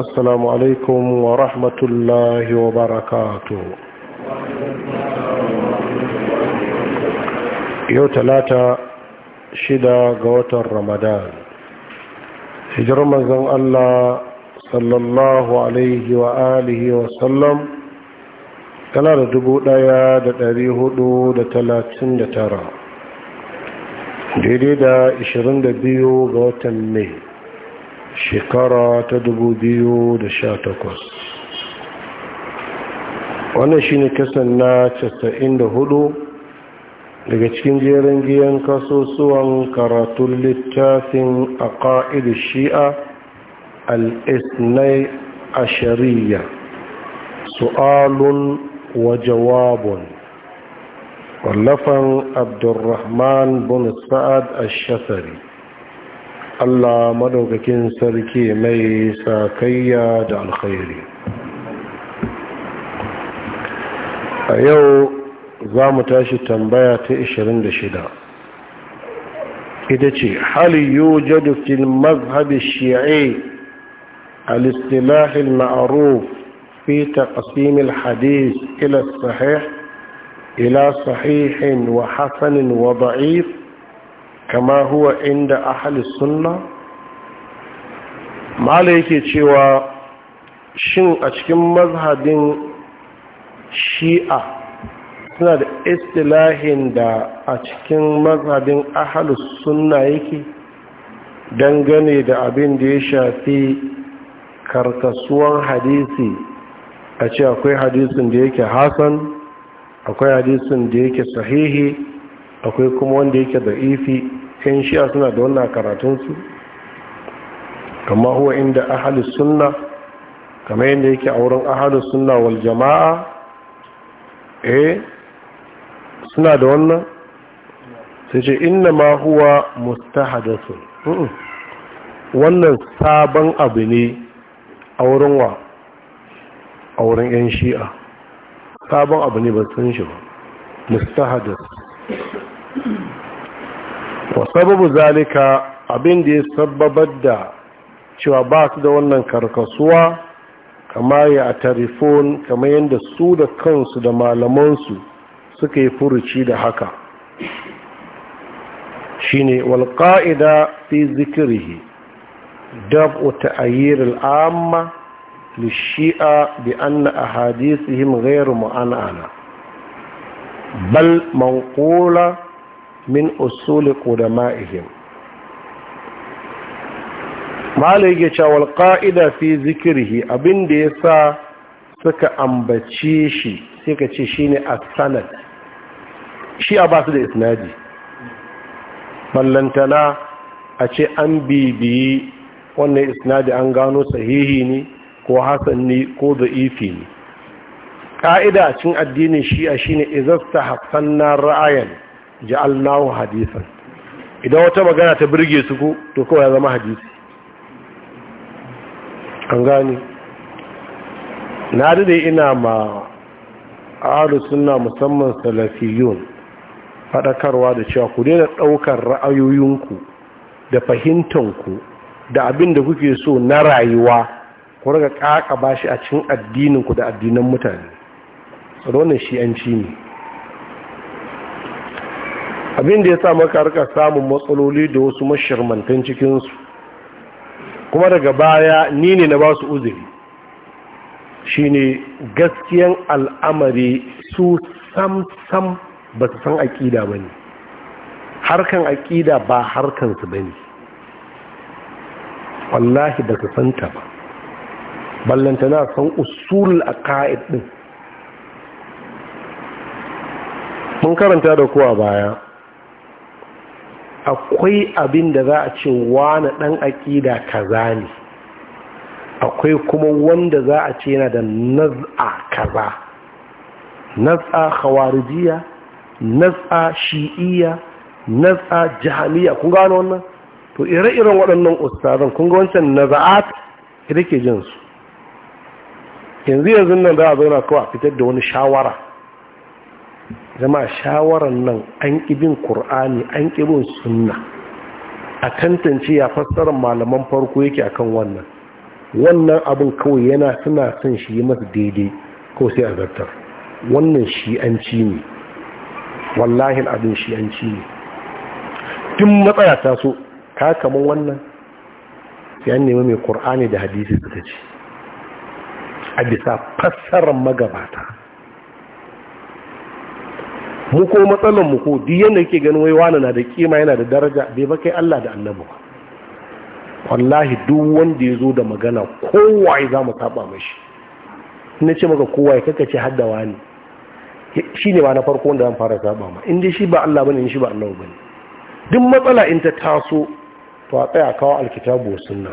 السلام عليكم ورحمة الله وبركاته يو تلاتة شدة قوة رمضان هجر مزن الله صلى الله عليه وآله وسلم tana da dubu ɗaya da ɗari hudu da talatin da tara daidai da ashirin da biyu ga watan mai shekara ta dubu biyu da sha takwas. wannan shine kasan na casa'in da hudu daga cikin jerin giyan kasusuwan karatun littafin a ƙa'idu shi'a al'isnai a shari'a su'alun wa jawabun wallafan abdurrahman bin sa'ad a shasari Allah madaukakin sarki mai sakayya da alkhairi a yau za mu tashi tambaya ta 26 ita ce hal yujadu fil mazhabi shi'i al-istilah al-ma'ruf fi taqsim al-hadith ila sahih ila sahihin wa hasanin wa da'if kama huwa inda ahli sunna mala yake cewa shin a cikin mazhabin shi'a suna da istilahin da a cikin mazhabin ahli sunna yake dangane da abin da ya shafi karkasuwan hadisi a ce akwai hadisin da yake hasan akwai hadisin da yake sahihi akwai kuma wanda yake da'ifi yan shi'a suna da wannan karatunsu kama huwa inda ahalus sunna kama yadda yake a wurin ahalus sunna wal jama'a eh suna da wannan sai ce inna ma huwa mustahadathun wannan sabon abu ne a wurin wa a wurin yan shi'a sabon abu ne ba sun shi ba mustahadathun wa sababu zalika abin da ya sababar da cewa ba su da wannan karkasuwa kama yi a tarifon kama yadda su da kansu da malamansu suka yi furuci da haka shine walƙa'ida fi zikirihi dab'u ayyar al'amma anna a hadisihim gairu معنعنة bal منقولة min usuli qudama'ihim malai yake cewa wal fi zikirhi abin da yasa suka ambace shi sai ka ce ne a sanad shi a basu da isnadi ballantana a ce an bibiyi wannan isnadi an gano sahihi ne ko hasan ne ko da'ifi ne ƙa'ida cin addinin shi a shi'a shine izasta na ra'ayan ja'alnahu hadisan idan wata magana ta burge su ko to kawai ya zama hadisi an gani na dade ina ma ahlu sunna musamman salafiyun fadakarwa da cewa ku daina daukar ra'ayoyinku da fahimtanku da abin da kuke so na rayuwa ku riga kaka bashi a cikin addininku da addinan mutane tsaronin shi'anci ne abin da ya sa maka rika samun matsaloli da wasu mashirmantan cikinsu kuma daga baya ni ne na ba su uzuri ne gaskiyan al'amari su sam-sam ba su san aƙida ba ne harkan aƙida ba harkansu ba ne wallahi ba su santa ba na san usul a ka'id ɗin mun karanta da kuwa baya akwai abin da za a ce wani ɗan aƙida kaza ne akwai kuma wanda za a ce yana da naz'a kaza naz'a khawarijiya naz'a shi'iya, naz'a jahamiya kun gano wannan to ire-iren waɗannan ustazan kun ga wancan naza'at ita ke jinsu yanzu yanzu nan za a zauna kawai a fitar da wani shawara zama shawarar nan an ƙibin ƙur'ani an ƙibin sunna a tantance ya fassarar malaman farko yake akan wannan wannan abin kawai yana suna son shi yi masa daidai ko sai a zartar wannan shi'anci ne wallahin abin shi'anci ne tun matsaya ta so ka kama wannan sai an nemi mai ƙur'ani da hadisi ta ce a bisa fassarar magabata mu ko matsalan mu ko duk yanda kake ganin wai wani na da kima yana da daraja bai ba kai Allah da annabi ba wallahi duk wanda ya zo da magana kowa za mu saba mashi Ina ce maka kowa ya kaka ce hadda wani shi ne ba na farko wanda zan fara saba ma in dai shi ba Allah bane shi ba annabi bane duk matsala in ta taso to a tsaya kawo alkitabu wa sunna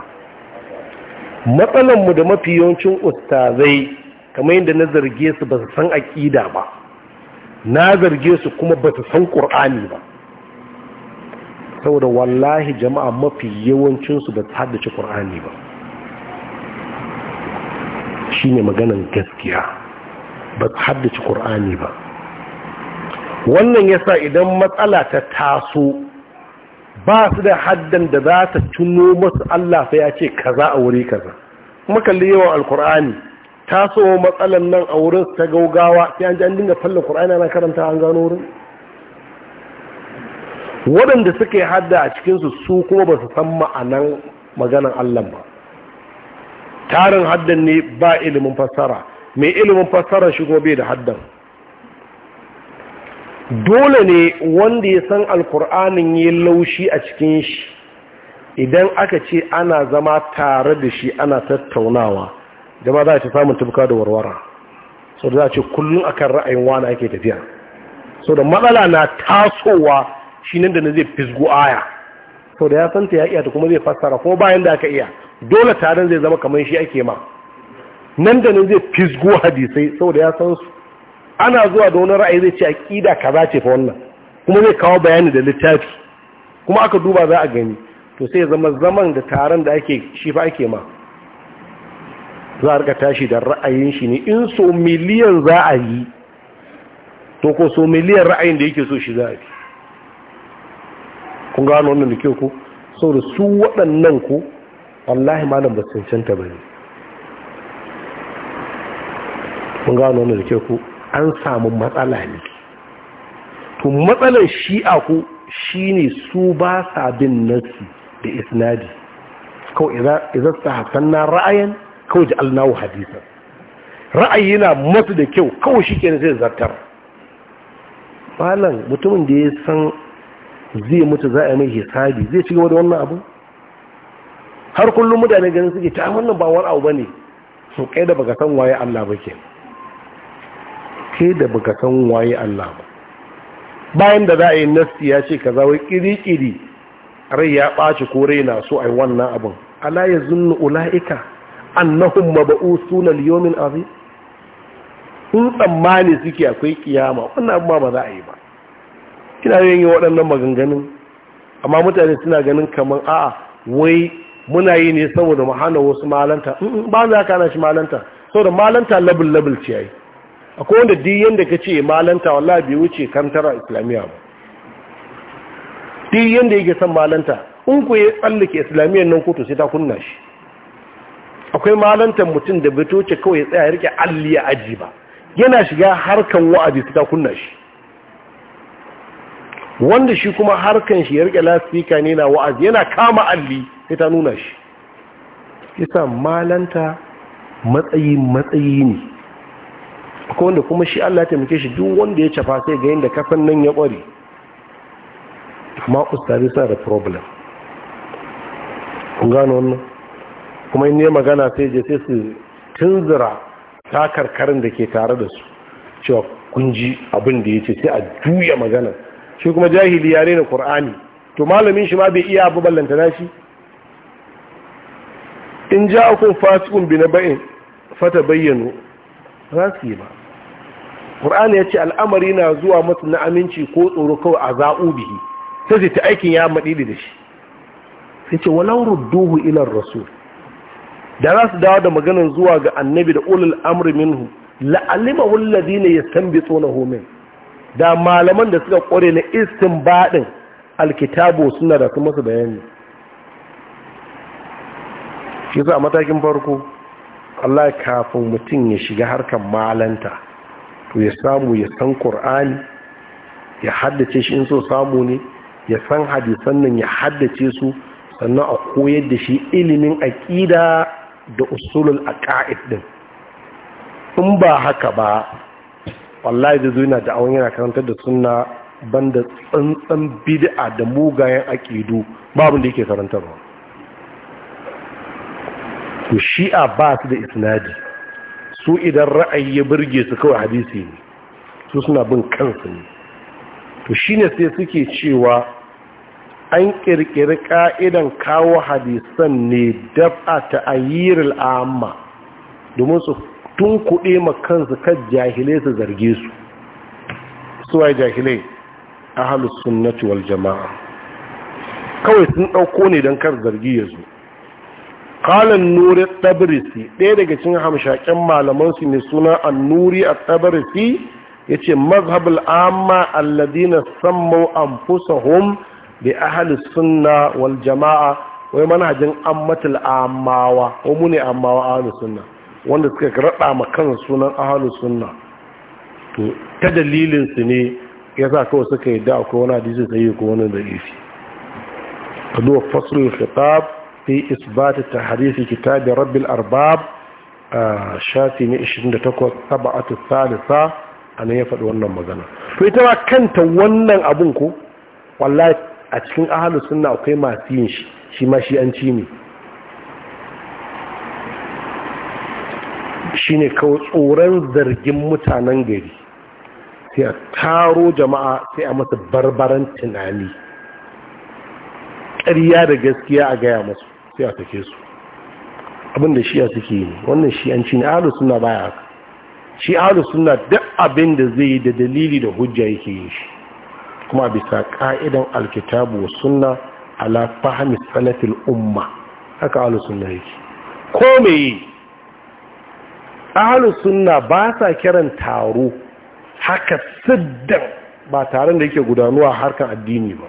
matsalan mu da mafi yawancin ustazai kamar yadda na zarge su ba su san aqida ba na zarge su kuma ba su san ƙur'ani ba saboda wallahi jama'a mafi yawancinsu ba su haddace ƙur'ani ba shi ne maganan gaskiya ba su haddace ƙur'ani ba wannan yasa idan matsala ta taso ba su da haddan da za ta tuno masu Allah sai ya ce kaza a wuri kaza kuma kalli yawan alkur'ani taso matsalan nan a wurin ta gaugawa sai an ji an dinga fallon qur'ani ana karanta an gano wurin waɗanda suka yi hadda a cikinsu su kuma ba su san ma'anan maganan Allah ba tarin haddan ne ba ilimin fassara mai ilimin fassara shi kuma bai da haddan dole ne wanda ya san alkur'anin ya laushi a cikin shi idan aka ce ana zama tare da shi ana tattaunawa jama'a za a ta samun tufka da warwara sau da za a ce kullum a kan ra'ayin wani ake tafiya sau da matsala na tasowa shi nan da na zai fisgo aya sau da ya san ta ya iya ta kuma zai fassara ko bayan da aka iya dole taron zai zama kamar shi ake ma nan da nan zai fisgo hadisai sau da ya san su ana zuwa da wani ra'ayi zai ce aƙida kaza ce fa wannan kuma zai kawo bayani da littafi kuma aka duba za a gani to sai zama zaman da taron da ake shi fa ake ma za a rika tashi da ra'ayin shi ne in so miliyan za a yi to ko so miliyan ra'ayin da yake so shi za a yi kun gano wannan da ke ku da su waɗannan ku wallahi malam ba cancanta ba ne kun gano wannan da ke ku an samu matsala ne to matsalar shi'a ku shine su ba sa bin nasi da isnadi kawai idan sa na ra'ayin kawai ji alnawu hadisan ra'ayi na masu da kyau kawai shi kenan zai zartar malam mutumin da ya san zai mutu za a mai hisabi zai ci gaba da wannan abu har kullum mutane ganin suke ta wannan ba wani abu bane su kai da baka san waye Allah ba ke kai da baka san waye Allah ba bayan da za a yi nasti ya ce kaza wai kiri-kiri rai ya ɓaci ko rai na so a yi wannan abin ala ya zunnu ula'ika annahum mab'usuna liyawmin azim sun tsammani suke akwai kiyama wannan abu ba za a yi ba kina yin waɗannan maganganun amma mutane suna ganin kamar a'a wai muna yi ne saboda mu hana wasu malanta ba za ka na shi malanta saboda malanta labul labul ce yayi akwai wanda duk yanda ka ce malanta wallahi bai wuce kantara islamiyya ba duk yanda yake son malanta in ku ya tsallake islamiyyar nan kotu sai ta kunna shi akwai malantar mutum da bai toce kawai ya tsaya ya rike alli ya aji ba yana shiga harkan wa'azi ta kunna shi wanda shi kuma harkan shi ya rike lafika ne na wa'azi yana kama alli sai ta nuna shi isa malanta matsayi matsayi ne akwai wanda kuma shi Allah ta taimake shi duk wanda ya cafa sai ga yadda kafin nan ya kware amma ustazi sa da problem kun gano wannan kuma in ne magana sai je sai su tunzura takarkarin da ke tare da su cewa kun ji abin da ya ce sai a juya magana shi kuma jahili ya rena to malamin shi ma bai iya abu ballanta na shi in ja kun fasiqun bi za su yi ba Ƙur'ani ya ce al'amari na zuwa masu na aminci ko tsoro kawai a za'u bihi sai ta aikin ya maɗi da shi sai ce walau rudduhu ilar rasul da za su dawo da maganar zuwa ga annabi da ulul amri minhu la'alima wallazi ne ya tambi tsona homin da malaman da suka kware na istin baɗin alkitabo suna da su masu bayani shi za a matakin farko Allah kafin mutum ya shiga harkar malanta to ya samu ya san ƙur'ani ya haddace shi in so samu ne ya san hadisan nan ya haddace su sannan a koyar da shi ilimin aƙida da usulul aqaid din in ba haka ba wallahi da zuwa da awon yana karantar da suna ban da tsantsan bid'a da mugayen aqidu babu da yake karantarwa to shi'a ba su da isnadi su idan ra'ayi ya burge su kawai hadisi ne su suna bin kansu ne to shine sai suke cewa an ƙirƙiri ƙa'idan kawo hadisan ne dab a ta'ayyiril amma domin su tun kuɗe makansu kan jahilai su zarge su suwa jahilai a jama'a kawai sun ɗauko ne don kar zargi ya zo ƙalin nuri tabrisi ɗaya daga cin hamshaƙen malamansu mai suna an Nuri a yace ya ce mazhabul amma alladina sammau anfusahum bi ahli sunna wal jama'a wai manhajin ammatul amawa ko mu ne amawa ahli sunna wanda suka rada ma kan sunan ahli sunna to ta dalilin su ne yasa kawai suka yi da ko wani hadisi sai ko wani da isi kadu faslul khitab fi isbat tahrif kitab rabbil arbab shafi ne 28 sab'atu thalitha anan ya faɗi wannan magana to ita kanta wannan abun ko wallahi a cikin ahalus sunna akwai masu yin shi shi ma shi an ci ne shi ne kawai tsoron zargin mutanen gari sai a taro jama'a sai a masa barbaran tunani ƙarya da gaskiya a gaya masu sai a take su abinda a suke yi wannan shi ci ne ahalus suna baya haka shi ahalus suna duk abin da zai yi da dalili da hujja yake yi shi kuma bisa ka'idan alkitabu wa sunna ala fahmi salatil umma haka ahlus sunna yake ko meye ahlus sunna ba sa kiran taro haka siddan ba taron da yake gudanuwa harkan addini ba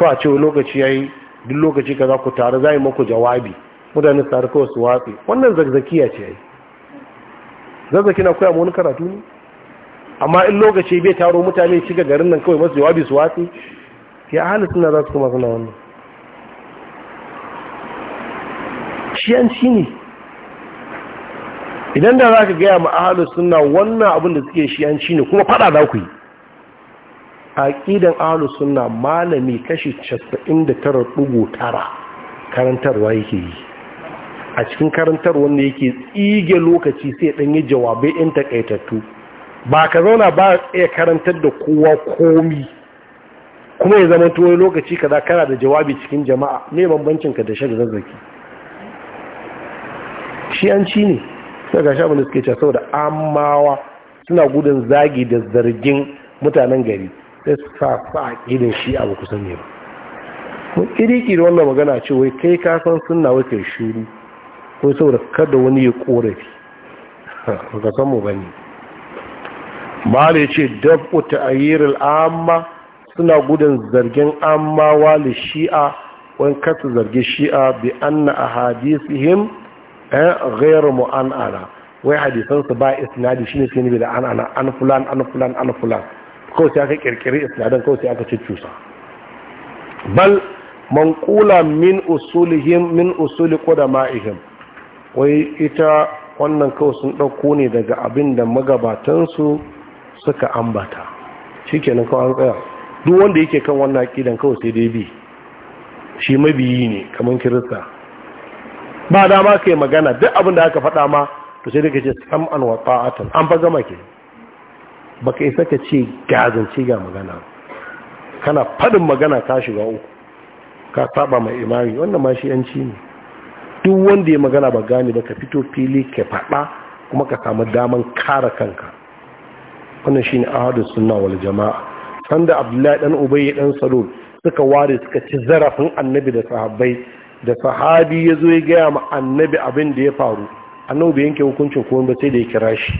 kawai ce lokaci yayi duk lokaci ka za ku za yi maku jawabi mutane su taru kawai su watsi wannan zazzakiya ce yayi zazzaki na koya mu wani karatu ne amma in lokaci bai taro mutane shiga garin nan kawai masu jawabi su wasi, ya ahalar suna za su kuma suna wannan Shi an ci ne idan da za ka gaya ma ahalar suna wannan abin da suke shi an ci ne kuma fada za ku yi a ƙidan ahalar suna malami kashi 99.9 karantarwa yake yi a cikin karantar wanda yake tsige lokaci sai ɗanyi jawabai 'yan takaitattu ba ka zauna ba iya karantar da kowa komi kuma ya zama tuwo lokaci ka kaza kana da jawabi cikin jama'a me bambancin ka da shan zazzaki shi an ci ne sai ga shabin da suke cewa saboda amawa suna gudun zagi da zargin mutanen gari sai su sa a irin shi abu kusan ne ba mun kiriki da wannan magana ce wai kai ka san sunna wai kai shuru ko saboda kada wani ya ƙorafi ba ka san mu bane mala ya ce dab'u ta'ayyirul amma suna gudun zargin Amma wali shi'a wani kasu zargi shi'a bi anna ahadisihim eh, ghairu mu'anana wai hadisansu ba isnadi ne sai ne da anana an fulan an fulan an fulan kawai sai aka kirkiri isnadin kawai sai aka cusa. bal kula min usulihim min usuli ma'ihim wai ita wannan kawai sun ɗauko ne daga abin da magabatansu suka ambata shikenan kawai an tsaya duk wanda yake kan wannan aqidan kawai sai dai bi shi mabiyi ne kaman kirista ba dama kai magana duk abin da aka faɗa ma to sai daga ce sam'an wa ta'atan an fa gama ke ka isa ka ce gazance ga magana kana fadin magana ka shiga uku ka saba mai imari wannan ma shi yanci ne duk wanda ya magana ba gane ba ka fito fili ka faɗa kuma ka samu daman kara kanka wannan shine ahadu sunna wal jama'a sanda abdullahi dan ubay dan salul suka ware suka ci zarafin annabi da sahabbai da sahabi ya zo ya gaya ma annabi abin da ya faru annabi bai yanke hukuncin ko ba sai da ya kira shi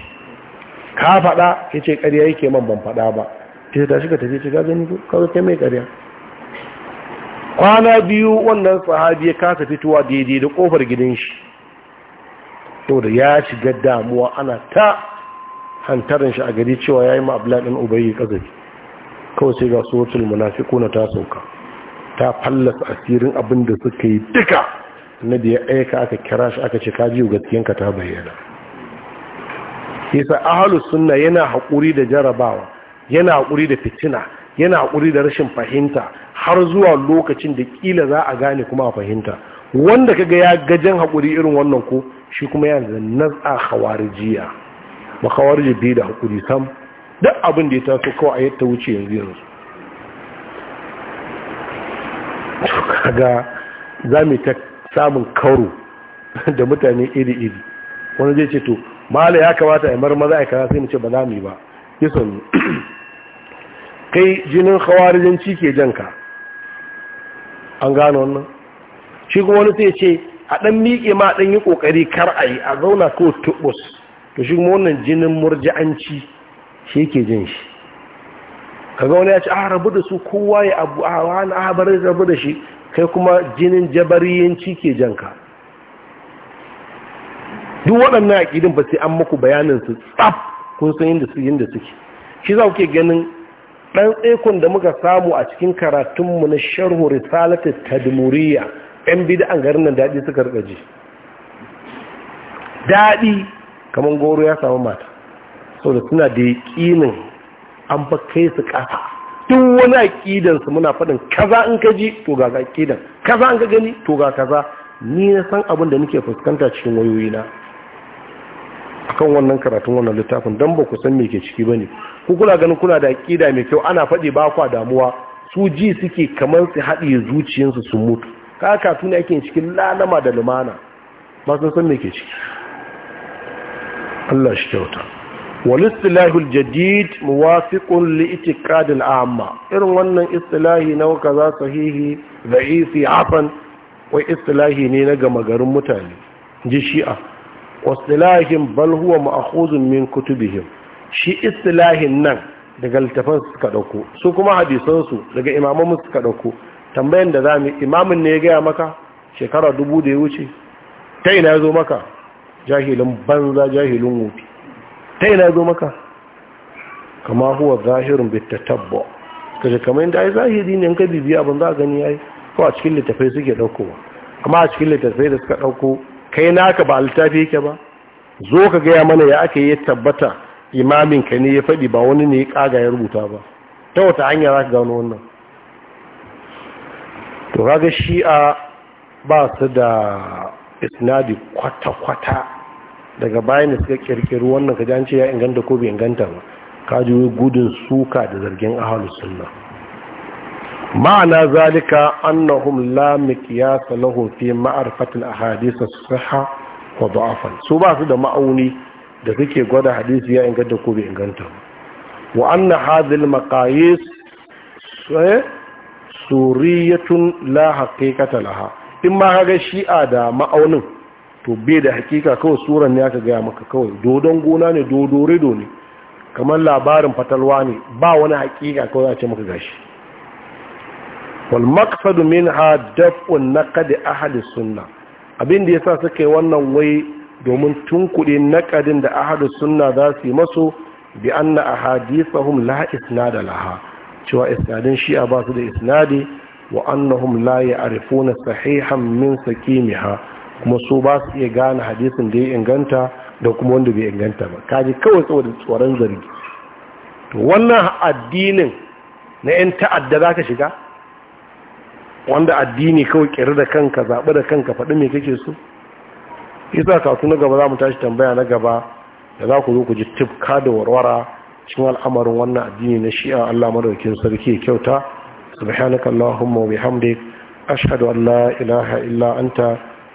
ka faɗa ya ce ƙarya yake man ban faɗa ba ta tashi ka tafi shiga gani kawai kai mai ƙarya kwana biyu wannan sahabi ya kasa fitowa daidai da ƙofar gidan shi to da ya shiga damuwa ana ta hantarin shi a gari cewa ya yi ma ɗin ubayi ƙazafi kawai sai ga suratul munafiquna ta sauka ta fallasa asirin abin da suka yi duka da ya aika aka kira shi aka ce ka biyu gaskiyanka ta bayyana Isa ahalus sunna yana haƙuri da jarabawa yana haƙuri da fitina yana haƙuri da rashin fahimta har zuwa lokacin da ƙila za a gane kuma a fahimta wanda kaga ya gajen haƙuri irin wannan ko shi kuma yana da naz'a jiya. makawar jibbe da hakuri sam duk abin da ya taso kawai a yadda wuce yanzu yanzu kaga za mu ta samun karo da mutane iri-iri wani zai ce to mala ya kamata a marmaza a kaza sai mu ce ba za mu yi ba ya sanu kai jinin hawarijanci ke janka an gano wannan shi kuma wani sai ce a ɗan miƙe ma ɗan yi ƙoƙari kar a yi a zauna ko tubus to shi kuma wannan jinin murji'anci shi yake jin shi kaga wani ya ce a ah, rabu da su kowa ya abu a ah, wani a ah, bari rabu da shi kai kuma jinin jabariyanci ke jan ka. duk waɗannan aƙidin ba sai an muku bayanin su tsaf kun san yadda su yadda suke shi za kuke ganin ɗan tsekon da muka samu a cikin karatunmu na sharhu risalata tadmuriya yan bid'an garin nan daɗi suka rika daɗi kamar goro ya samu mata sau da suna da yaƙinin an ba kai su ƙasa duk wani ƙidansu muna faɗin kaza in ka ji to ga ƙidan kaza in ka gani to ga kaza ni na san abin da nake fuskanta cikin wayoyina kan wannan karatun wannan littafin don ba ku san me ke ciki ba ne ku kula ganin kuna da ƙida mai kyau ana faɗi ba kwa damuwa su ji suke kamar su haɗe zuciyarsu su mutu ka tuni ake cikin lalama da lumana ba sun san me ke ciki Allah shi kyauta walistilahul jadid muwafiqun li itiqadil amma irin wannan istilahi na kaza sahihi da'ifi afan wai istilahi ne na gama garin mutane ji shi'a wastilahin bal huwa ma'khuzun min kutubihim shi istilahin nan daga littafan ka dauko su kuma hadisansu su daga imaman ka dauko tambayan da zamu imamin ne ya gaya maka shekara dubu da ya wuce ta ina ya zo maka jahilin banza jahilin wofi ta yana zo maka kama huwa zahirin bitta tabba kaje kamar yadda ai zahiri ne ka bibiya abin za a gani ya yi? ko a cikin littafai suke ba. Kama a cikin littafai da suka ɗauko kai naka ba littafi yake ba zo ka gaya mana ya ake yi tabbata imamin ka ne ya faɗi ba wani ne ya ƙaga ya rubuta ba ta wata hanya za ka gano wannan to kaga shi'a ba su da isnadi kwata-kwata daga bayan da suka kirkiri wannan kaji an ce ya inganta ko bai inganta ba kaji gudun suka da zargin ahalus sunna ma'ana zalika annahum la miqyas lahum fi ma'rifatil ahadith as-sihha wa da'afan su ba su da ma'auni da suke gwada hadisi ya inganta ko bai inganta ba wa anna hadhihi eh, suri ya suriyatun la haqiqata laha in ma ga shi'a da ma'aunin to be da hakika kawai suran ne aka gaya maka kawai dodon gona ne do ne kamar labarin fatalwa ne ba wani hakika kawai a ce maka gashi walmaksadu min ha daf'un na kadi ahadi suna abin da ya sa suka yi wannan wai domin tun na naƙadin da ahadu suna za su yi masu bi an na ahadisahum la da laha cewa isnadin shi'a ba su da isnadi wa annahum la na sahihan min sakimiha kuma su ba su iya gane hadisin da ya inganta da kuma wanda bai inganta ba kaji kawai saboda tsoron zargi to wannan addinin na 'yan ta'adda za ka shiga wanda addini kawai kiri da kanka zaɓi da kanka faɗi mai kake so isa kasu na gaba za mu tashi tambaya na gaba da za ku zo ku ji tifka da warwara cikin al'amarin wannan addini na shi'a allah madaukin sarki kyauta subhanakallahumma wa bihamdik ashhadu an la ilaha